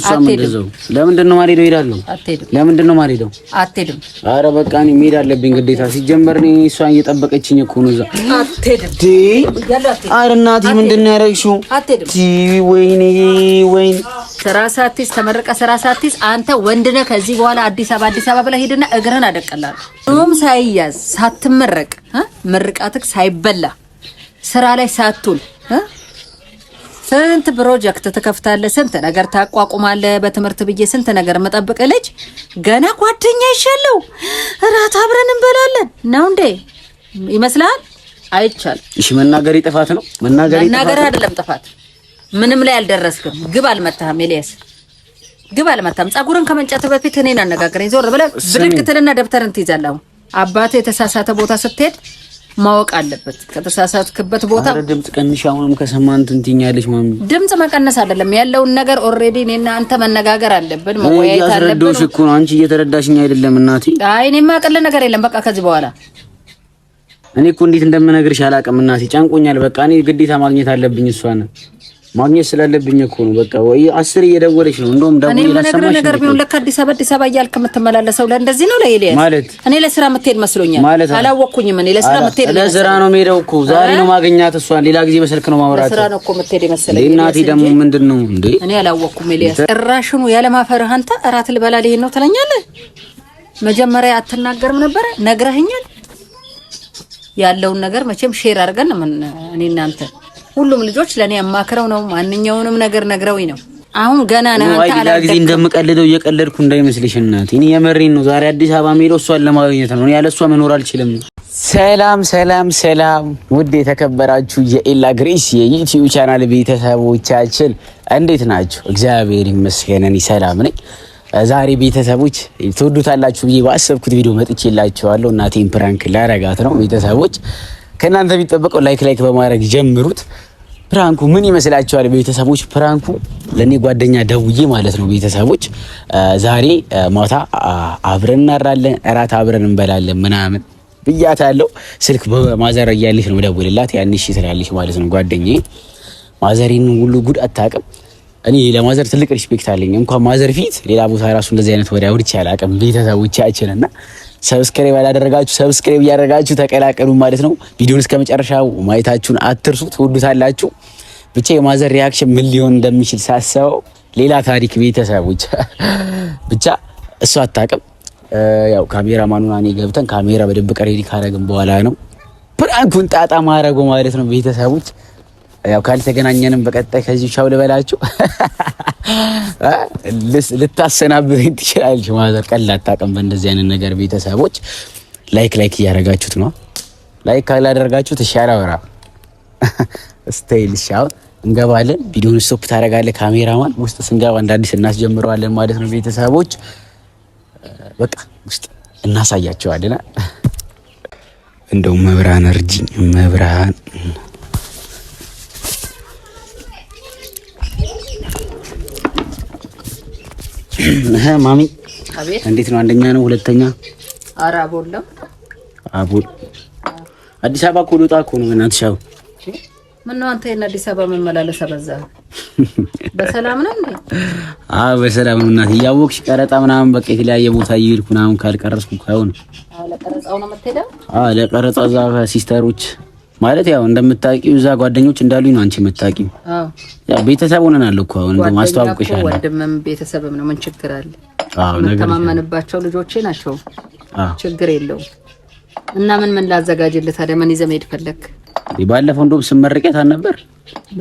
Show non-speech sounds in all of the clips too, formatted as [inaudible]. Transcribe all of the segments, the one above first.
እሷም እንደዚያው ለምንድን ነው የማልሄደው? እሄዳለሁ። ለምንድን ነው የማልሄደው? አትሄድም። ኧረ በቃ እኔ መሄድ አለብኝ ግዴታ። ሲጀመር እኔ እሷን እየጠበቀችኝ እኮ ነው እዛ። አትሄድም። ኧረ እናቴ ምንድን ነው ያደረግሽው? ወይኔ ወይኔ ስራ ሳትይዝ ተመረቀ፣ ስራ ሳትይዝ አንተ ወንድ ነህ። ከዚህ በኋላ አዲስ አበባ አዲስ አበባ ብለህ ሄድና እግርህን አደቀላለሁ። ምንም ሳይያዝ ሳትመረቅ ምርቃትህ ሳይበላ ስራ ላይ ሳትውል ስንት ፕሮጀክት ትከፍታለህ፣ ስንት ነገር ታቋቁማለህ። በትምህርት ብዬ ስንት ነገር የምጠብቅ ልጅ ገና ጓደኛ ይሻለው እራት አብረን እንበላለን ነው እንዴ ይመስላል? አይቻልም። እሺ መናገር ጥፋት ነው? መናገር አይደለም ጥፋት። ምንም ላይ አልደረስክም። ግብ አልመታህም። ኤልያስ ግብ አልመታህም። ፀጉርን ከመንጨት በፊት እኔን አነጋግረኝ። ዞር ብለህ ብድግ ትልና ደብተርን ትይዛለህ። አባትህ የተሳሳተ ቦታ ስትሄድ ማወቅ አለበት። ከተሳሳትክበት ቦታ ድምጽ ቀንሽ፣ አሁንም ከሰማን ትንትኛለሽ። ማሚ ድምጽ መቀነስ አይደለም ያለውን ነገር ኦልሬዲ እኔና አንተ መነጋገር አለብን፣ መወያየት አለብን እኮ ነው። አንቺ እየተረዳሽኝ አይደለም እናቴ። አይ እኔ ማቀለ ነገር የለም በቃ ከዚህ በኋላ እኔ እኮ እንዴት እንደምነግርሽ አላውቅም እናቴ፣ ጨንቆኛል። በቃ እኔ ግዴታ ማግኘት አለብኝ እሷን ማግኘት ስላለብኝ እኮ ነው። በቃ ወይ አስር እየደወለች ነው። እንደውም እኔ የምነግርህ ነገር ቢሆን ለካ አዲስ አበባ አዲስ አበባ እያልክ የምትመላለሰው ለእንደዚህ ነው። ለኤልያስ ማለት እኔ ለስራ የምትሄድ መስሎኛል። ማለት አላወቅኩኝም። እኔ ለስራ የምትሄድ ለስራ ነው የምሄደው እኮ ዛሬ ነው ማግኛት። እሷን ሌላ ጊዜ በስልክ ነው ማውራት። ለስራ ነው እኮ የምትሄድ የመሰለኝ። እናቴ ደግሞ ምንድን ነው እንዴ? እኔ አላወቅኩም። ኤልያስ ጭራሽኑ ያለማፈርህ አንተ እራት ልበላ ልሄድ ነው ትለኛለህ። መጀመሪያ አትናገርም ነበረ? ነግረህኛል። ያለውን ነገር መቼም ሼር አድርገን እኔ እናንተ ሁሉም ልጆች ለእኔ አማክረው ነው ማንኛውንም ነገር ነግረውኝ ነው። አሁን ገና ነው። አንተ አላ ጊዜ እንደምቀልደው እየቀለድኩ እንዳይመስልሽ እናት፣ እኔ የመሬን ነው። ዛሬ አዲስ አበባ የምሄደው እሷን ለማግኘት ነው። ያለ እሷ መኖር አልችልም። ሰላም ሰላም ሰላም! ውድ የተከበራችሁ የኤላ ግሬስ የዩቲዩብ ቻናል ቤተሰቦቻችን እንዴት ናችሁ? እግዚአብሔር ይመስገን እኔ ሰላም ነኝ። ዛሬ ቤተሰቦች ትወዱታላችሁ ብዬ ባሰብኩት ቪዲዮ መጥቼላችኋለሁ። እናቴን ፕራንክ ላረጋት ነው። ቤተሰቦች ከእናንተ የሚጠበቀው ላይክ ላይክ በማድረግ ጀምሩት። ፕራንኩ ምን ይመስላችኋል ቤተሰቦች? ፕራንኩ ለእኔ ጓደኛ ደውዬ ማለት ነው ቤተሰቦች፣ ዛሬ ማታ አብረን እናራለን፣ እራት አብረን እንበላለን ምናምን ብያታለሁ። ስልክ ማዘር እያለች ነው ደውልላት፣ ያን እሺ ትላለች ማለት ነው ጓደኛዬ። ማዘሬን ሁሉ ጉድ አታውቅም። እኔ ለማዘር ትልቅ ሪስፔክት አለኝ። እንኳን ማዘር ፊት ሌላ ቦታ ራሱ እንደዚህ አይነት ወሬ አውርቼ አላውቅም ቤተሰቦቻችን እና ሰብስክራይብ ያላደረጋችሁ ሰብስክራይብ እያደረጋችሁ ተቀላቀሉ ማለት ነው። ቪዲዮን እስከ መጨረሻው ማየታችሁን አትርሱ። ትወዱታላችሁ። ብቻ የማዘር ሪያክሽን ምን ሊሆን እንደሚችል ሳስበው ሌላ ታሪክ። ቤተሰቦች [laughs] ብቻ እሱ አታውቅም። ያው ካሜራ ማኑና እኔ ገብተን ካሜራ በደንብ ቀሬዲ ካረግን በኋላ ነው ፕራንኩን ጣጣ ማረጉ ማለት ነው። ቤተሰቦች ያው ካልተገናኘንም በቀጣይ ከዚህ ሻው ልበላችሁ። [laughs] ልታሰናብኝ ትችላለች። ማዘር ቀላል አታውቅም። በእንደዚህ አይነት ነገር ቤተሰቦች ላይክ ላይክ እያደረጋችሁት ነው። ላይክ ካላደረጋችሁት ተሻለ ወራ [laughs] ስታይል ሻው እንገባለን። ቪዲዮን ስቶፕ ታደርጋለህ ካሜራማን። ውስጥ ስንገባ እንደ አዲስ እናስጀምረዋለን ማለት ነው ቤተሰቦች። በቃ ውስጥ እናሳያቸዋለን። እንደው መብራን እርጅኝ መብራን [clears throat] ማሚ እንዴት ነው? አንደኛ ነው ሁለተኛ? ኧረ አቦላው አቦል አዲስ አበባ እኮ ልወጣ እኮ ነው። በእናትሽ አንተ አዲስ አበባ መመላለስ አበዛ። [laughs] በሰላም ነው እንዴ? አዎ በሰላም ነው እናት። እያወቅሽ ቀረጣ ምናምን በቃ የተለያየ ቦታ እየሄድኩ ምናምን ካልቀረጽኩ ለቀረጻው ነው የምትሄደው? አዎ ለቀረጻው እዛ ሲስተሮች ማለት ያው እንደምታውቂው እዛ ጓደኞች እንዳሉኝ ነው። አንቺ የምታውቂው ያው ቤተሰብ ሆነናል እኮ አሁን ደግሞ አስተዋውቅሻለሁ። ወንድምም ቤተሰብም ነው። ምን ችግር አለ? አዎ የምተማመንባቸው ልጆቼ ናቸው። አዎ ችግር የለውም። እና ምን ምን ላዘጋጅልህ ታዲያ? ምን ይዘህ መሄድ ፈለግ? ባለፈው እንደውም ስመርቂያት አልነበር?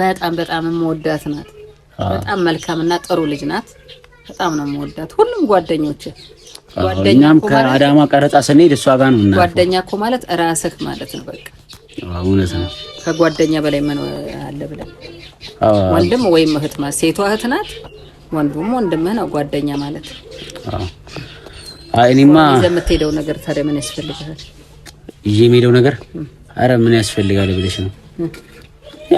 በጣም በጣም የምወዳት ናት። በጣም መልካም እና ጥሩ ልጅ ናት። በጣም ነው የምወዳት። ሁሉም ጓደኞቼ ጓደኛም ከአዳማ ቀረጻ ስንሄድ እሷ ጋር ነው። እና ጓደኛ እኮ ማለት ራስህ ማለት ነው በቃ እውነት ነው። ከጓደኛ በላይ ምን አለ ብለን ወንድም ወይም እህት ማለት ሴቷ እህት ናት፣ ወንዱም ወንድምህ ነው። ጓደኛ ማለት አይ እኔማ የምትሄደው ነገር ታዲያ ምን ያስፈልጋል? ይዤ የምሄደው ነገር አረ ምን ያስፈልጋል ብለሽ ነው?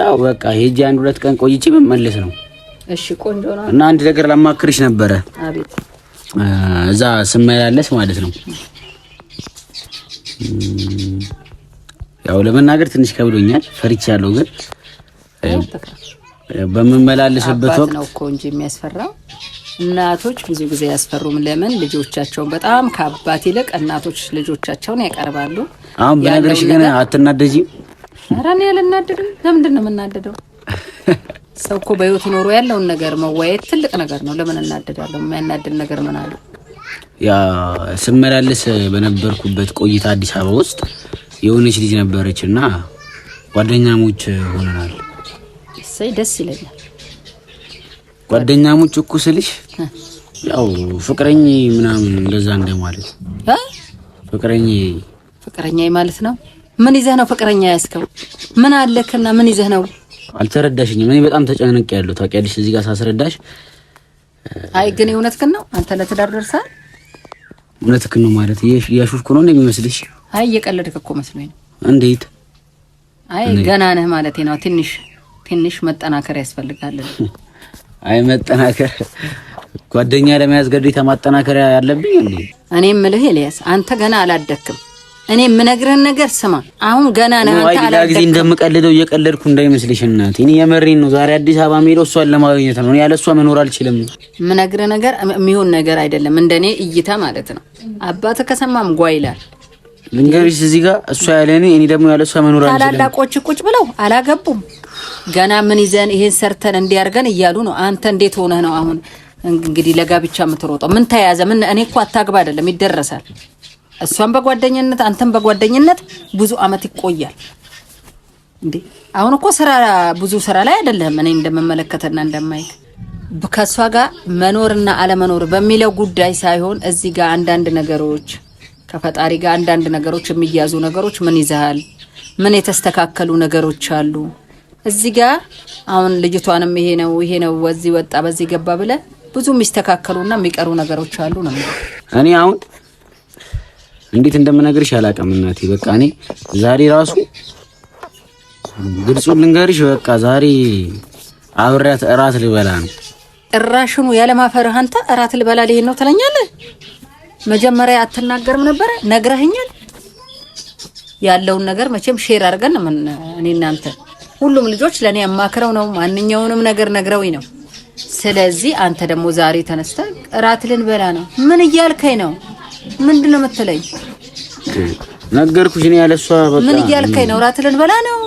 ያው በቃ ሄጄ አንድ ሁለት ቀን ቆይቼ መመለስ ነው። እሺ ቆንጆ ነው። እና አንድ ነገር ላማክርሽ ነበረ። አቤት። እዛ ስመላለስ ማለት ነው ያው ለመናገር ትንሽ ከብዶኛል፣ ፈርቻ ያለው ግን በምመላለስበት ወቅት ነው እኮ እንጂ የሚያስፈራው። እናቶች ብዙ ጊዜ ያስፈሩም። ለምን ልጆቻቸውን በጣም ከአባት ይልቅ እናቶች ልጆቻቸውን ያቀርባሉ። አሁን በነገርሽ ግን አትናደጂም? ኧረ እኔ አልናደድም። ለምንድን ነው የምናደደው? [laughs] ሰው እኮ በህይወት ኖሮ ያለውን ነገር መወያየት ትልቅ ነገር ነው። ለምን እናደዳለሁ? የሚያናድድ ነገር ምን አለ? ያ ስመላለስ በነበርኩበት ቆይታ አዲስ አበባ ውስጥ የሆነች ልጅ ነበረች እና ጓደኛሞች ሆነናል። እሰይ ደስ ይለኛል። ጓደኛሞች እኮ ስልሽ ያው ፍቅረኝ ምናምን እንደዛ እንደማለት ፍቅረኝ ፍቅረኛ ማለት ነው። ምን ይዘህ ነው ፍቅረኛ ያስከው? ምን አለክና ምን ይዘህ ነው? አልተረዳሽኝም። እኔ በጣም ተጨንቅ ያለው ታውቂያለሽ፣ እዚህ ጋር ሳስረዳሽ። አይ ግን እውነትህን ነው አንተ ለትዳር ደርሰሃል። እውነትህን ነው ማለት ያሾፍኩ ነው እንደሚመስልሽ አይ እየቀለድክ እኮ መስሎኝ ነው። እንዴት? አይ ገና ነህ ማለት ነው። ትንሽ ትንሽ መጠናከር ያስፈልጋል። [laughs] አይ መጠናከር ጓደኛ ለመያዝ ግዴታ ማጠናከር ያለብኝ እንዴ? እኔ የምልህ ኤልያስ፣ አንተ ገና አላደክም። እኔ የምነግርህን ነገር ስማ። አሁን ገና ነህ አንተ አላደክም። ሌላ ጊዜ እንደምቀልደው እየቀለድኩ እንዳይመስልሽ እናቴ። እኔ የመሬን ነው። ዛሬ አዲስ አበባ የምሄደው እሷን ለማግኘት ነው። ያለ እሷ መኖር አልችልም። የምነግርህ ነገር የሚሆን ነገር አይደለም፣ እንደኔ እይታ ማለት ነው። አባትህ ከሰማም ጓይላል ልንገሪስ እዚህ ጋር እሷ ያለ እኔ እኔ ደግሞ ያለ እሷ መኖር አንችልም። ታላላቆች ቁጭ ብለው አላገቡም ገና ምን ይዘን ይሄን ሰርተን እንዲያርገን እያሉ ነው። አንተ እንዴት ሆነህ ነው አሁን እንግዲህ ለጋብቻ የምትሮጠው? ምን ተያዘ? ምን እኔ እኮ አታግባ አይደለም ይደረሳል። እሷን በጓደኝነት አንተም በጓደኝነት ብዙ አመት ይቆያል። እንዴ አሁን እኮ ስራ ብዙ ስራ ላይ አይደለም እኔ እንደምመለከትና እንደማይ ከእሷ ጋር መኖርና አለመኖር በሚለው ጉዳይ ሳይሆን እዚህ ጋር አንዳንድ ነገሮች ከፈጣሪ ጋር አንዳንድ ነገሮች የሚያዙ ነገሮች ምን ይዘሃል? ምን የተስተካከሉ ነገሮች አሉ? እዚህ ጋር አሁን ልጅቷንም ይሄ ነው ይሄ ነው በዚህ ወጣ በዚህ ገባ ብለ ብዙ የሚስተካከሉና የሚቀሩ ነገሮች አሉ ነው። እኔ አሁን እንዴት እንደምነግርሽ አላውቅም እናቴ። በቃ እኔ ዛሬ ራሱ ግልጹን ልንገርሽ፣ በቃ ዛሬ አብሬያት እራት ልበላ ነው። ጭራሽኑ ያለማፈርህ አንተ እራት ልበላ ልሄድ ነው ትለኛለህ? መጀመሪያ አትናገርም ነበረ? ነግረህኛል። ያለውን ነገር መቼም ሼር አድርገን ምን እኔ እናንተ ሁሉም ልጆች ለእኔ አማክረው ነው ማንኛውንም ነገር ነግረው ነው። ስለዚህ አንተ ደግሞ ዛሬ ተነስተ እራት ልንበላ ነው። ምን እያልከኝ ነው? ምንድን ነው የምትለኝ? ነገርኩሽ። እኔ ያለሷ በቃ ምን እያልከኝ ነው? እራት ልንበላ ነው።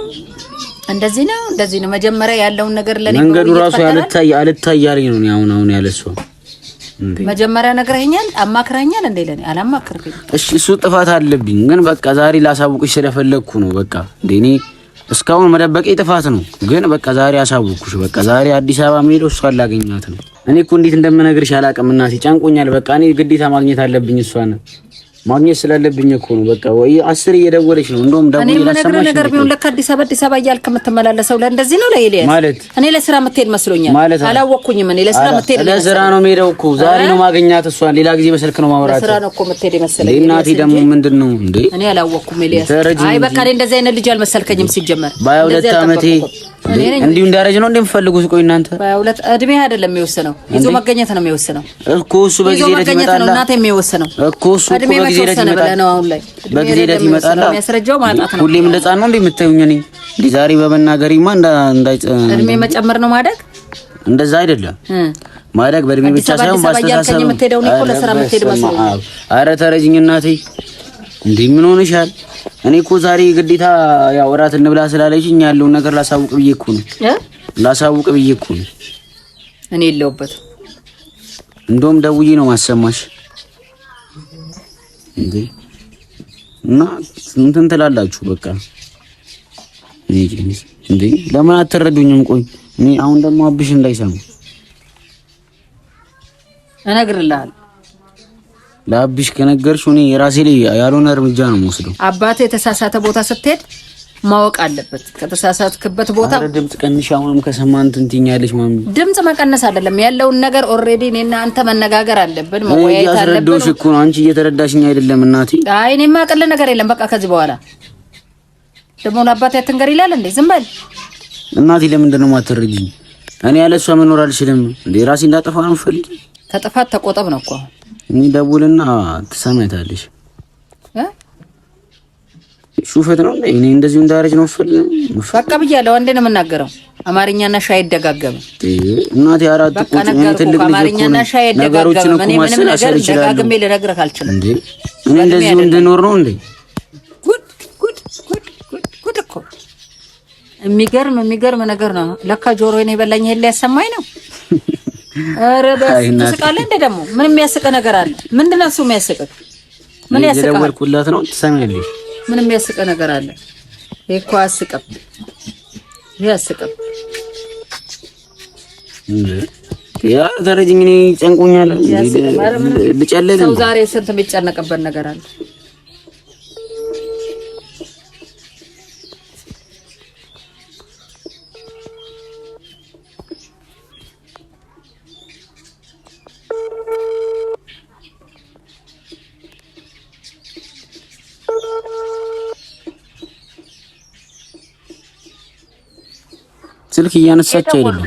እንደዚህ ነው፣ እንደዚህ ነው። መጀመሪያ ያለውን ነገር ለኔ መንገዱ ራሱ ያልታይ አልታይ ያለኝ ነው። አሁን አሁን ያለሷ መጀመሪያ ነግረኸኛል፣ አማክረኸኛል። እንደ ለኔ አላማክርኝ። እሺ፣ እሱ ጥፋት አለብኝ፣ ግን በቃ ዛሬ ላሳውቅሽ ስለፈለግኩ ነው። በቃ እንደኔ እስካሁን መደበቄ ጥፋት ነው፣ ግን በቃ ዛሬ አሳውቅሽ። በቃ ዛሬ አዲስ አበባ የምሄደው እሷን ላገኛት ነው። እኔ እኮ እንዴት እንደምነግርሽ አላቅም እናቴ፣ ጨንቆኛል። በቃ እኔ ግዴታ ማግኘት አለብኝ እሷን ማግኘት ስላለብኝ እኮ ነው። በቃ ወይ አስር እየደወለች ነው። እንደውም ደግሞ እኔ ነገር ነገር ቢሆን ለካ አዲስ አበባ አዲስ አበባ እያልክ የምትመላለሰው ለእንደዚህ ነው። ለኤልያስ ማለት እኔ ለስራ የምትሄድ መስሎኛል። አላወቅኩኝም። እኔ ለስራ የምትሄድ ለስራ ነው የምሄደው እኮ ዛሬ ነው ማግኛት እሷን ሌላ ጊዜ በስልክ ነው ማውራት። ለስራ ነው እኮ የምትሄድ ይመስለኛል። እናቴ ደግሞ ምንድን ነው እንዴ? እኔ አላወቅኩም ኤልያስ። አይ በቃ እኔ እንደዚህ አይነት ልጅ አልመሰልከኝም ሲጀመር በሀያ ሁለት አመቴ እንዲሁ እንዳረጅ ነው እንደምፈልጉት። ቆይ እናንተ ሁለት እድሜ አይደለም የሚወሰነው፣ ይዞ መገኘት ነው የሚወሰነው እኮ እሱ በጊዜ ሂደት ይመጣል። እናንተ የሚወሰነው እኮ እሱ እድሜ በጊዜ ሂደት ይመጣል። አሁን ላይ በጊዜ ሂደት ይመጣል። የሚያስረጃው ማጣት ነው። ሁሌም እንደ ሕፃን ነው እንደምታዩኝ። እኔ እንደ ዛሬ በመናገሪማ እድሜ መጨመር ነው ማደግ እንደዛ አይደለም ማደግ በእድሜ ብቻ ሳይሆን ባስተሳሰብ ነው። አረ ተረጅኝ እናቴ እንዴ ምን ሆነሻል? እኔ እኮ ዛሬ ግዴታ ያው እራት እንብላ ስላለችኝ ያለውን ነገር ላሳውቅ ብዬ እኮ ነው ላሳውቅ ብዬ እኮ ነው። እኔ የለሁበትም። እንደውም ደውዬ ነው ማሰማሽ እንዴ እና እንትን ትላላችሁ በቃ እንዴ ለምን አትረዱኝም? ቆይ እኔ አሁን ደግሞ አብሽ እንዳይሰማ እነግርልሃለሁ ለአብሽ ከነገርሽ እኔ የራሴ ላይ ያልሆነ እርምጃ ነው የምወስደው። አባቴ የተሳሳተ ቦታ ስትሄድ ማወቅ አለበት። ከተሳሳትክበት ቦታ ድምፅ ቀንሽ። አሁንም ከሰማን ትንትኛለሽ። ማሚ ድምፅ መቀነስ አይደለም ያለውን ነገር ኦልሬዲ እኔና አንተ መነጋገር አለብን፣ መወያየት አለብን እኮ ነው። አንቺ እየተረዳሽኝ አይደለም እናቴ። አይ እኔ ማቀለ ነገር የለም። በቃ ከዚህ በኋላ ደግሞ ለአባቴ አትንገር ይላል እንዴ? ዝም በል እናቴ። ለምንድን ነው የማትረጂኝ? እኔ ያለ እሷ መኖር አልችልም እንዴ? ራሴ እንዳጠፋ ነው ፈልግ። ከጥፋት ተቆጠብ ነው እኮ እኔ ደውልና ትሰማታለሽ። ሹፈት ነው እንዴ? እኔ እንደዚሁ እንዳረጅ ነው ፈል በቃ ብያለሁ። አንዴ ነው የምናገረው። አማርኛና ሻይ አይደጋገምም። እናቴ አራት ቁጭ ነው ትልቅ ልጅ አማርኛና ሻይ አይደጋገምም። እኔ ምንም ነገር ደጋግሜ ልነግርህ አልችልም። እንዴ እኔ እንደዚሁ እንድኖር ነው እንዴ? ጉድ ጉድ ጉድ ጉድ ጉድ እኮ የሚገርም የሚገርም ነገር ነው። ለካ ጆሮዬን የበላኝ የለ ያሰማኝ ነው [laughs] ኧረ ትስቃለህ እንደ ደግሞ ምን የሚያስቅ ነገር አለ? ምንድን ነው እሱ ምን የደወልኩላት ነው ትሰሚያለሽ? ምን ነገር አለ? ይሄ እኮ ይሄ ያ ዛሬ ጭንቁኛል። ልጨለል ሰው ዛሬ ስንት የሚጨነቅበት ነገር አለ? ስልክ እያነሳች አይደለም።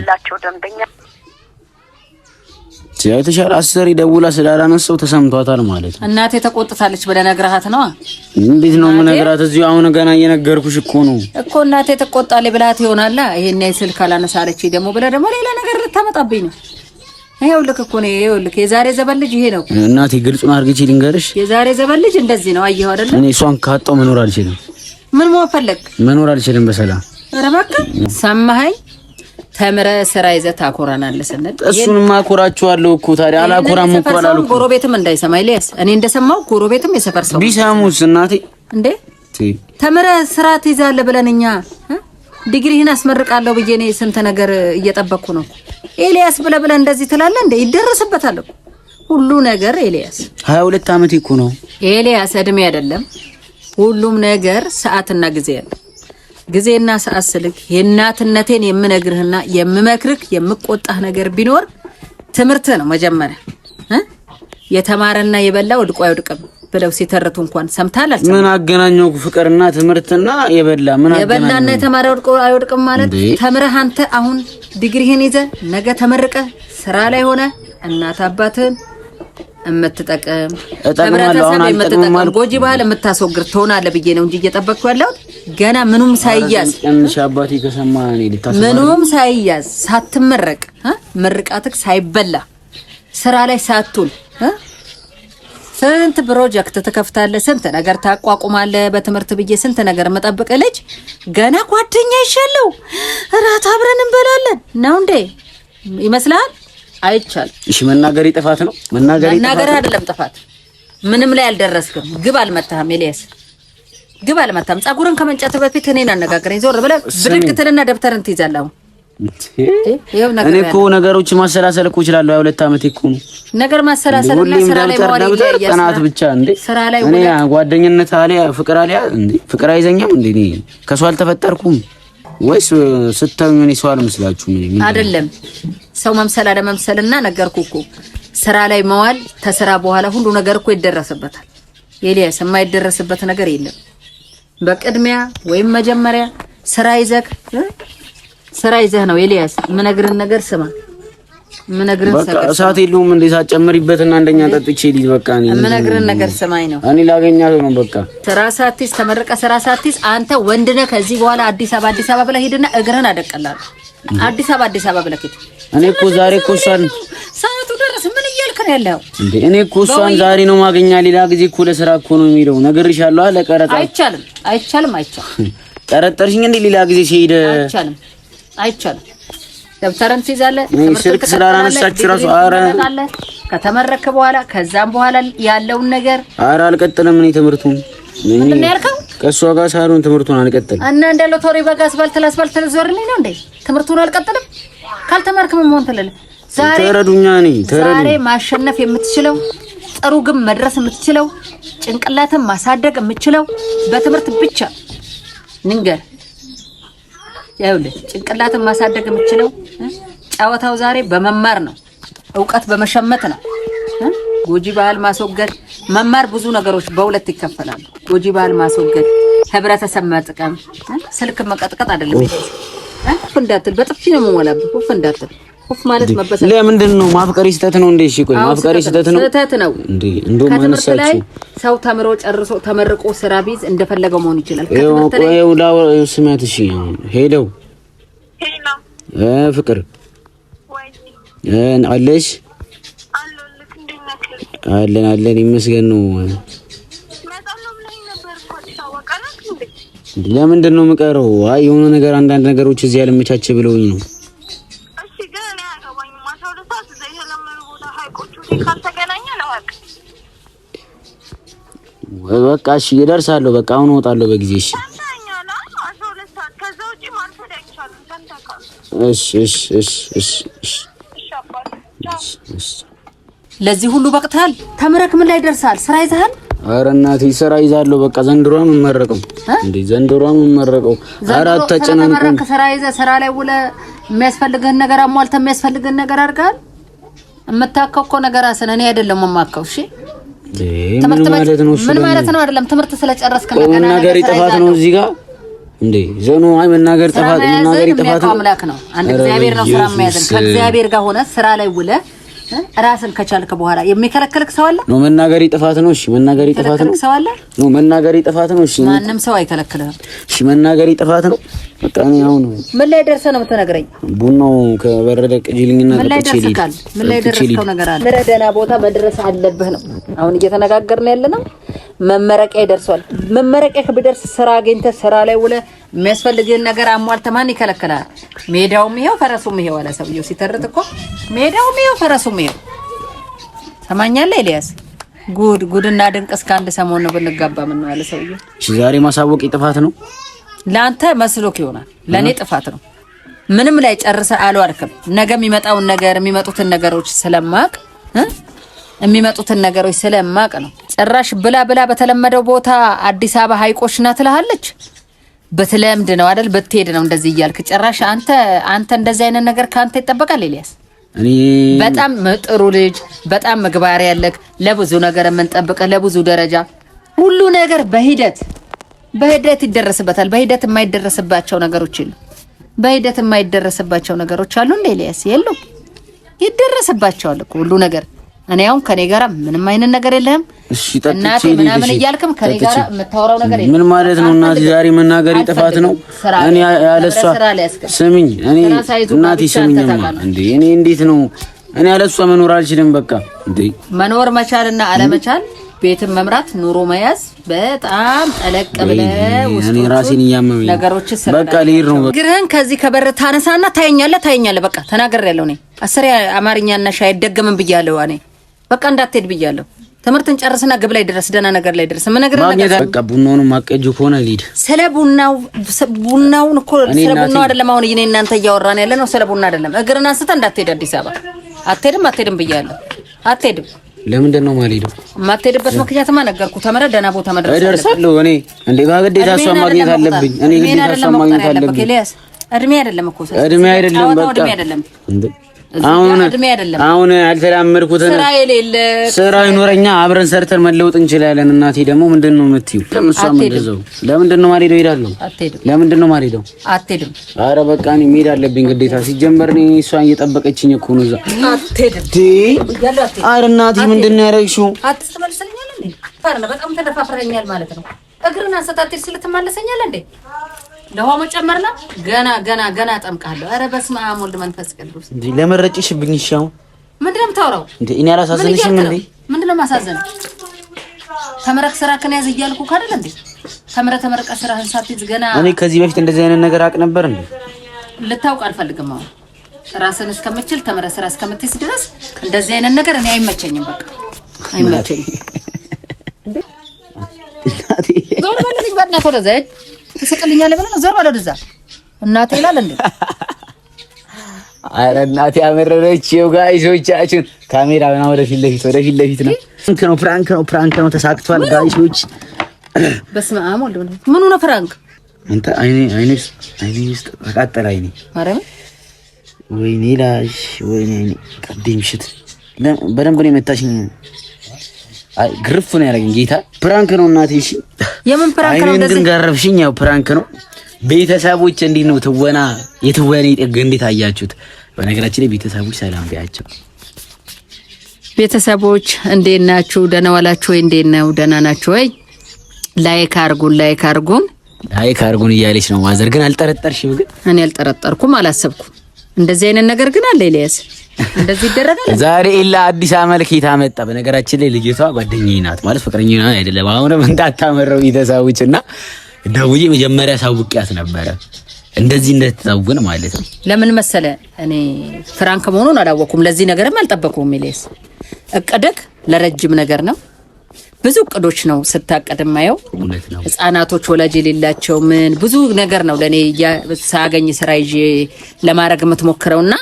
የተሻለ አስር ደውላ ስላላነሳው ተሰምቷታል ማለት ነው። እናቴ ተቆጥታለች ብለህ ነግረሃት ነዋ። እንዴት ነው የምነግራት? እዚሁ አሁን ገና እየነገርኩሽ እኮ ነው እኮ እናቴ ተቆጣለች ብላት ይሆናላ። ይሄን ያይ ስልክ አላነሳለች ደግሞ ብለህ ደግሞ ሌላ ነገር ልታመጣብኝ ነው። ይሄው ይኸውልህ እኮ ነው ይሄው ይኸውልህ፣ የዛሬ ዘበን ልጅ ይሄ ነው። እናቴ ግልጹን አድርግቼ ልንገርሽ፣ የዛሬ ዘበን ልጅ እንደዚህ ነው። አየኸው አይደለ? እኔ እሷን ካጣው መኖር አልችልም። ምን መሆን ፈለግ? መኖር አልችልም በሰላም ኧረ እባክህ ሰማኸኝ። ተምረ ስራ ይዘህ ታኮራናለህ ስንል እሱንማ አኮራችኋለሁ እኮ ታዲያ አላኮራም እኮ አላልኩ። ጎረቤትም እንዳይሰማ ኤልያስ፣ እኔ እንደሰማው ጎረቤትም የሰፈር ሰው ቢሰሙስ? እናቴ እንዴ ተምረ ስራ ትይዛለህ ብለን እኛ ዲግሪህን አስመርቃለሁ ብዬ እኔ ስንት ነገር እየጠበቅኩ ነው። ኤልያስ ብለህ ብለህ እንደዚህ ትላለህ እንዴ? ይደርስበታል እኮ ሁሉ ነገር ኤልያስ። 22 አመት እኮ ነው ኤልያስ፣ እድሜ አይደለም ሁሉም ነገር ሰዓትና ጊዜ ያለው ጊዜና ሰዓት ስልክ የእናትነቴን የምነግርህና የምመክርህ የምቆጣህ ነገር ቢኖር ትምህርት ነው። መጀመሪያ የተማረና የበላ ወድቆ አይወድቅም ብለው ሲተርቱ እንኳን ሰምታል። ምን አገናኘው ፍቅርና ትምህርትና የበላ ምን የበላና የተማረ ወድቆ አይወድቅም ማለት ተምረህ አንተ አሁን ዲግሪህን ይዘ ነገ ተመርቀ ስራ ላይ ሆነ እናት አባትህን የምትጠቅም ህብረተሰብ የምትጠቅም ጎጂ ባህል የምታስወግድ ትሆናለህ ብዬ ነው እንጂ እየጠበቅኩ ያለሁት ገና ምኑም ሳይያዝ ምኑም ሳይያዝ ሳትመረቅ ሳይበላ ስራ ላይ ሳትውል ስንት ፕሮጀክት ትከፍታለህ፣ ስንት ነገር ታቋቁማለህ። በትምህርት ብዬ ስንት ነገር የምጠብቅ ልጅ ገና ጓደኛ ይሻለው እራት አብረን እንበላለን ነው እንዴ ይመስላል? አይቻልም። እሺ መናገር ጥፋት ነው። መናገር መናገር አይደለም ጥፋት። ምንም ላይ አልደረስክም። ግብ አልመታህም። ኤልያስ ግብ አልመታህም። ፀጉርን ከመንጨት በፊት እኔን አነጋገረኝ። ዞር ብለህ ብድግ ትልና ደብተርን ትይዛለህ። እኔ እኮ ነገሮች ማሰላሰል እኮ እችላለሁ። ያው ሁለት ዓመቴ እኮ ነው ነገር ማሰላሰልና ስራ ላይ ደብተር ጥናት ብቻ እንዴ ስራ ላይ እኔ ጓደኝነት አለ ፍቅር አለ እንዴ ፍቅር አይዘኛም እንዴ እኔ ከሷ አልተፈጠርኩም ወይስ ስታዩኝ እኔ ሰው አልመስላችሁም አይደለም ሰው መምሰል አለመምሰልና ነገርኩ እኮ ስራ ላይ መዋል ተስራ በኋላ ሁሉ ነገር እኮ ይደረስበታል። ኤልያስ የማይደረስበት ነገር የለም። በቅድሚያ ወይም መጀመሪያ ስራ ይዘህ ስራ ይዘህ ነው ኤልያስ የምነግርህን ነገር ስማ። የምነግርህን በቃ እሳት የለውም እንዴ ሳጨምሪበትና አንደኛ ጠጥቼ ልጅ በቃ እኔ ምነግርን ነገር ስማኝ ነው። እኔ ላገኛት ነው በቃ ስራ ሳትይዝ ተመረቀ ስራ ሳትይዝ አንተ ወንድ ነህ። ከዚህ በኋላ አዲስ አበባ አዲስ አበባ ብለህ ሄድና እግርህን አደቀላለሁ። አዲስ አበባ አዲስ አበባ ብለህ ሂድ እኔ እኮ ዛሬ እኮ እሷን ሰዓቱ ደረሰ። ምን እያልክ ነው ያለው እንዴ? እኔ እኮ እሷን ዛሬ ነው ማገኛ። ሌላ ጊዜ እኮ ለስራ እኮ ነው የሚሄደው። ነግሬሻለሁ። ለቀረጻ አይቻልም፣ አይቻልም፣ አይቻልም። [laughs] ጠረጠርሽኝ እንዴ? ሌላ ጊዜ ሲሄድ አይቻልም፣ አይቻልም። ደብተርን ትይዛለህ። ስልክ ስላላነሳች ራሱ ኧረ ከተመረክ በኋላ ከዛም በኋላ ያለውን ነገር ኧረ አልቀጥልም። እኔ ትምህርቱን ምንድን ነው ያልከው? ከእሷ ጋር ሳይሆን ትምህርቱን አልቀጥልም እና እንዳለው ቶሪ በጋ አስፋልት ለአስፋልት ልዞር ነው እንዴ? ትምህርቱን አልቀጥልም ካልተማርክ ምን መሆን ተለለ ዛሬ ተረዱኛኒ ዛሬ ማሸነፍ የምትችለው ጥሩ ግን መድረስ የምትችለው ጭንቅላትን ማሳደግ የምትችለው በትምህርት ብቻ ንንገር። ይኸውልህ ጭንቅላትን ማሳደግ የምትችለው ጨዋታው ዛሬ በመማር ነው፣ እውቀት በመሸመት ነው። ጎጂ ባህል ማስወገድ መማር ብዙ ነገሮች በሁለት ይከፈላሉ። ጎጂ ባህል ማስወገድ፣ ህብረተሰብ መጥቀም፣ ስልክ መቀጥቀጥ አይደለም። እፍ እንዳትል በጥፊ ነው የምሞላብህ። እፍ እንዳትል ለምንድን ነው? ማፍቀሪ ስህተት ነው እንዴ? እሺ ቆይ ማፍቀሪ ስህተት ነው ስህተት ነው እንዴ? እንደውም አነሳችሁ ሰው ተምሮ ጨርሶ ተመርቆ ስራ ቢዝ እንደፈለገው መሆን ይችላል። ይኸው ላው ስማት። እሺ ሄለው እ ፍቅር አለሽ አለን አለን ይመስገን ነው ለምንድን ነው የምቀረው? አይ የሆነ ነገር አንዳንድ ነገሮች እዚህ ያለመቻች ብለውኝ ነው። በቃ እሺ እደርሳለሁ። በቃ አሁን እወጣለሁ በጊዜ። እሺ ለዚህ ሁሉ በቅተሃል። ተምረክ ምን ላይ ደርሰሃል? ስራ ይዘሃል? ኧረ እናቴ ስራ ይዛለሁ። በቃ ዘንድሮ የምመረቀው እንዴ ዘንድሮ የምመረቀው። ኧረ አታጨናንቁኝ። ስራ ይዘህ ስራ ላይ ውለህ የሚያስፈልግህን ነገር አሟልተህ የሚያስፈልግህን ነገር አድርገሃል። የምታከው እኮ ነገር አሰነ እኔ አይደለም የማከው። እሺ ምን ማለት ነው? ምን ማለት ነው? አይደለም ትምህርት ስለጨረስክ ነገር ነገር ጥፋት ነው እዚህ ጋር እንዴ ዘኑ አይ መናገር ጥፋት መናገር ጥፋት ነው። አምላክ ነው አንድ እግዚአብሔር ነው ስራ የሚያዘን ከእግዚአብሔር ጋር ሆነ ስራ ላይ ውለህ ራስን ከቻልክ በኋላ የሚከለከልክ ሰው አለ? ነው መናገሪ ጥፋት ነው። እሺ መናገሪ ጥፋት ነው። ሰው አለ? ነው መናገሪ ጥፋት ነው። እሺ ማንም ሰው አይከለክልህም። እሺ መናገሪ ጥፋት ነው። በቃ እኔ አሁን ምን ላይ ደርሰህ ነው የምትነግረኝ? ቡናው ከበረደ ቅጅልኝና ምን ላይ ደርሰካል? ምን ላይ ደርሰከው ነገር አለ? ደህና ቦታ መድረስ አለብህ ነው አሁን እየተነጋገርን ያለነው። መመረቂያ ይደርሰዋል። መመረቂያ ከብደርስ ስራ አገኝተህ ስራ ላይ ውለህ የሚያስፈልግህን ነገር አሟልተ ማን ይከለክላል? ሜዳውም ይሄው ፈረሱም ይሄው አለ ሰውየው ሲተርት እኮ ሜዳውም ይሄው ፈረሱም ይሄው። ሰማኛለህ ኤልያስ? ጉድ ጉድና ድንቅ እስከ አንድ ሰሞን ነው ብንጋባ ምን ነው አለ ሰውየው። ዛሬ ማሳወቅ ጥፋት ነው ለአንተ መስሎክ ይሆናል፣ ለእኔ ጥፋት ነው። ምንም ላይ ጨርሰ አልዋልክም። ነገ የሚመጣውን ነገር የሚመጡትን ነገሮች ስለማቅ የሚመጡትን ነገሮች ስለማቅ ነው። ጭራሽ ብላ ብላ በተለመደው ቦታ አዲስ አበባ ሀይቆች ናት ትልሃለች። በተለምድ ነው አይደል? በትሄድ ነው እንደዚህ እያልክ ጭራሽ አንተ አንተ እንደዚህ አይነት ነገር ከአንተ ይጠበቃል ኤልያስ። እኔ በጣም ጥሩ ልጅ፣ በጣም ምግባር ያለክ፣ ለብዙ ነገር የምንጠብቀ፣ ለብዙ ደረጃ ሁሉ ነገር በሂደት በሂደት ይደረስበታል። በሂደት የማይደረስባቸው ነገሮች የሉ። በሂደት የማይደረስባቸው ነገሮች አሉ እንደ ኤልያስ የሉ። ይደረስባቸዋል እኮ ሁሉ ነገር እኔ አሁን ከኔ ጋራ ምንም አይነት ነገር የለህም። እሺ ጠጥቼ እናቴ ምናምን እያልክም ከኔ ጋራ የምታወራው ነገር የለም። ምን ማለት ነው እናቴ? ዛሬ መናገር ጥፋት ነው? እኔ ያለሷ ስሚኝ፣ እኔ እናቴ ስሚኝ፣ እንዴ እኔ እንዴት ነው እኔ ያለሷ መኖር አልችልም። በቃ እንዴ መኖር መቻልና አለመቻል ቤትን መምራት ኑሮ መያዝ በጣም ጠለቅ ብለህ ራሴን እያመመኝ ነገሮች በቃ ልሄድ ነው። እግርህን ከዚህ ከበር ታነሳና ታየኛለህ፣ ታየኛለህ። በቃ ተናግሬያለሁ እኔ አስሬ አማርኛና ሻይ አይደገምም ብያለሁ እኔ በቃ እንዳትሄድ ብያለሁ። ትምህርትን ጨርስና ግብ ላይ ድረስ፣ ደህና ነገር ላይ ድረስ። ምን ነገር ነገር በቃ ቡናውን ማቀጁ ከሆነ ልሂድ። ስለ ቡናው ቡናውን እኮ ስለ ቡናው አይደለም አሁን እኔ እናንተ እያወራን ያለ ነው። ስለ ቡና አይደለም። እግርን አንስተ እንዳትሄድ አዲስ አበባ አትሄድም፣ አትሄድም ብያለሁ። አትሄድም። ለምንድን ነው የማልሄደው? የማትሄድበት ምክንያትማ ነገርኩህ። ተመረህ ደህና ቦታ መድረስ እደርሳለሁ። እኔ እንደ ግዴታ እሷን ማግኘት አለብኝ። እኔ ግዴታ እሷን ማግኘት አለብኝ። ኤልያስ እድሜ አይደለም እኮ እድሜ አይደለም፣ በቃ አሁን አሁን ያልተላመድኩትን ስራ የሌለ ስራ ይኖረኛ አብረን ሰርተን መለወጥ እንችላለን። እናቴ ደግሞ ምንድን ነው የምትይው? ለምንድን ነው ማልሄደው? እሄዳለሁ። ለምንድን ነው ማልሄደው? አትሄድም። ኧረ በቃ እኔ መሄድ አለብኝ ግዴታ። ሲጀመር እኔ እሷ እየጠበቀችኝ እኮ ነው እዛ። ኧረ እናቴ ምንድን ነው ያደረግሽው? በጣም ተደፋፍረኛል ማለት ነው። እግርህን አንስታ ስትሄድ እንዴ? ለውሃ መጨመር ነው። ገና ገና ገና ጠምቃለሁ። ኧረ በስመ አብ ወልድ መንፈስ ቅዱስ። እንዴ ለመረጭሽብኝ ይሻው ምንድን ነው የምታወራው? እንዴ እኔ አላሳዘንሽም እንዴ? ምንድን ነው ማሳዘን? ተመረክ ስራ ከኔ ያዝ እያልኩ ካደለ እንዴ? ተመረ ተመረቀ ስራ ሳትይዝ ገና እኔ ከዚህ በፊት እንደዚህ አይነት ነገር አቅ ነበር እንዴ? ልታውቅ አልፈልግም። አሁን ራስን እስከምችል ተመረ ስራ እስከምትይዝ ድረስ እንደዚህ አይነት ነገር እኔ አይመቸኝም። በቃ አይመቸኝም። ዞር በልልኝ በእናትህ ወደ እዛ ትስቅልኛለህ ብለህ ዞር በለው ወደዛ እናቴ ይላል እንዴ? አረ እናቴ አመረረች። ይው ጋይሶቻችን ካሜራ ና ወደ ፊት ለፊት ወደ ፊት ለፊት ነው። ፕራንክ ነው ፕራንክ ነው ፕራንክ ነው። ተሳክቷል ጋይሶች። በስመ አብ ወልድ ነው። ምኑ ነው ፕራንክ? አንተ አይኔ አይኔ አይኔ ውስጥ ተቃጠለ አይኔ። አረም ወይኔ ላሽ ወይኔ አይኔ ቀደም ሽት በደንብ ነው የመታሽኝ አይ ግርፍ ነው ያደረገኝ ጌታ። ፕራንክ ነው እናቴ። እሺ የምን ፕራንክ ነው? እንደዚህ ገረፍሽኝ። ያው ፕራንክ ነው። ቤተሰቦች እንዴት ነው ትወና የትወኔ ጥግ እንዴት አያችሁት? በነገራችን ላይ ቤተሰቦች ሰላም ቢያቸው ቤተሰቦች እንዴት ናችሁ? ደህና ዋላችሁ ወይ? እንዴት ነው? ደህና ናችሁ ወይ? ላይክ አርጉን፣ ላይክ አርጉን፣ ላይክ አርጉን እያለች ነው ማዘር። ግን አልጠረጠርሽም? ግን እኔ አልጠረጠርኩም፣ አላሰብኩም። እንደዚህ አይነት ነገር ግን አለ ኤልያስ እንደዚህ ይደረጋል። ዛሬ ኢላ አዲስ አመልኬታ መጣ። በነገራችን ላይ ልጅቷ ጓደኛዬ ናት ማለት ፍቅረኛ ናት አይደለም። አሁንም እንዳታመረው ይተሳውጭ እና ደውዬ መጀመሪያ ሳውቂያት ነበረ እንደዚህ እንደተታወን ማለት ነው። ለምን መሰለ እኔ ፍራንክ መሆኑን አላወኩም። ለዚህ ነገርም አልጠበኩም። ኢሊያስ እቅድህ ለረጅም ነገር ነው። ብዙ እቅዶች ነው ስታቀድ የማየው። ህጻናቶች ወላጅ የሌላቸው ምን ብዙ ነገር ነው ለእኔ ሳያገኝ ስራ ይዤ ለማድረግ የምትሞክረውና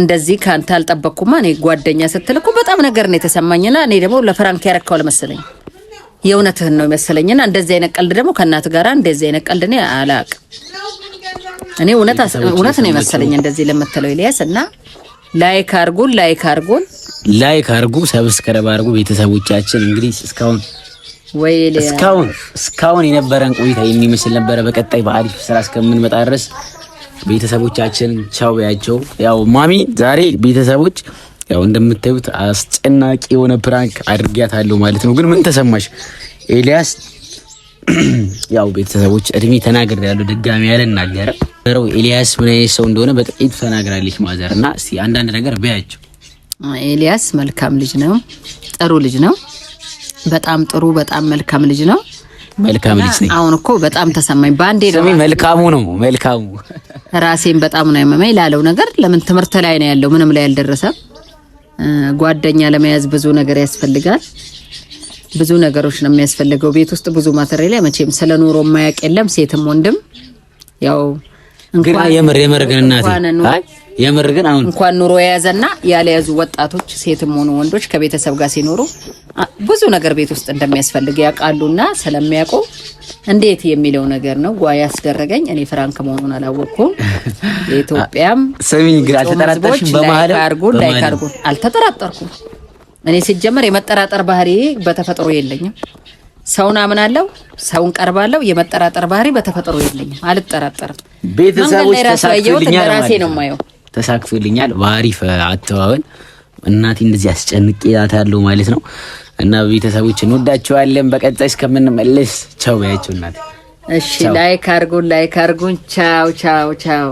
እንደዚህ ከአንተ አልጠበቅኩማ። እኔ ጓደኛ ስትል በጣም ነገር ነው የተሰማኝና እኔ ደግሞ ለፍራንክ ያረካው ለመሰለኝ የእውነትህን ነው ይመስለኝና እንደዚህ አይነት ቀልድ ደግሞ ከእናት ጋር እንደዚህ አይነት ቀልድ እኔ አላውቅም። እኔ እውነት ነው ይመስለኝ እንደዚህ ለምትለው ኤልያስ እና ላይክ አርጉን፣ ላይክ አርጉን፣ ላይክ አርጉ፣ ሰብስክራይብ አርጉ። ቤተሰቦቻችን እንግዲህ እስካሁን ወይ እስካሁን እስካሁን የነበረን ቆይታ የሚመስል ነበረ። በቀጣይ በአሪፍ ስራ እስከምንመጣ ድረስ ቤተሰቦቻችን ቻው ያቸው። ያው ማሚ ዛሬ ቤተሰቦች ያው እንደምታዩት አስጨናቂ የሆነ ፕራንክ አድርጊያታለሁ ማለት ነው። ግን ምን ተሰማሽ ኤልያስ? [clears throat] ያው ቤተሰቦች እድሜ ተናግሬያለሁ፣ ድጋሚ ነው። ኤልያስ ምን አይነት ሰው እንደሆነ በጥቂቱ ተናግራለች ማዘር እና እስቲ አንዳንድ ነገር በያቸው። ኤልያስ መልካም ልጅ ነው፣ ጥሩ ልጅ ነው፣ በጣም ጥሩ በጣም መልካም ልጅ ነው። መልካም ልጅ ነኝ። አሁን እኮ በጣም ተሰማኝ። ባንዴ መልካሙ ነው መልካሙ ራሴን በጣም ነው ያመመኝ ላለው ነገር ለምን ትምህርት ላይ ነው ያለው፣ ምንም ላይ ያልደረሰ ጓደኛ ለመያዝ ብዙ ነገር ያስፈልጋል። ብዙ ነገሮች ነው የሚያስፈልገው። ቤት ውስጥ ብዙ ማቴሪያል መቼም ስለ ኑሮ የማያውቅ የለም ሴትም ወንድም ያው እንግዲህ የምር የምር ግን እናቴ አይ የምር ግን አሁን እንኳን ኑሮ የያዘና ያልያዙ ወጣቶች ሴትም ሆኑ ወንዶች ከቤተሰብ ጋር ሲኖሩ ብዙ ነገር ቤት ውስጥ እንደሚያስፈልግ ያውቃሉና ስለሚያውቁ እንዴት የሚለው ነገር ነው ጓ ያስደረገኝ። እኔ ፍራንክ መሆኑን አላወቅኩም። [laughs] የኢትዮጵያም ሰሚኝ ግን አልተጠራጠርሽም? በማለት አርጉ ላይ አርጉ። አልተጠራጠርኩም። እኔ ሲጀመር የመጠራጠር ባህሪ በተፈጥሮ የለኝም። ሰውን አምናለሁ፣ ሰውን ቀርባለሁ። የመጠራጠር ባህሪ በተፈጥሮ የለኝም፣ አልጠራጠርም። ቤተሰቦች ራሴ ነው የማየው። ተሳክቶልኛል። በአሪፍ አተዋወል እናቴ እንደዚህ ያለው ማለት ነው። እና ቤተሰቦች እንወዳቸዋለን። በቀጣይ እስከምንመለስ ቻው። ያቸው እናት። እሺ፣ ላይክ አርጉን፣ ላይክ አርጉን። ቻው ቻው ቻው።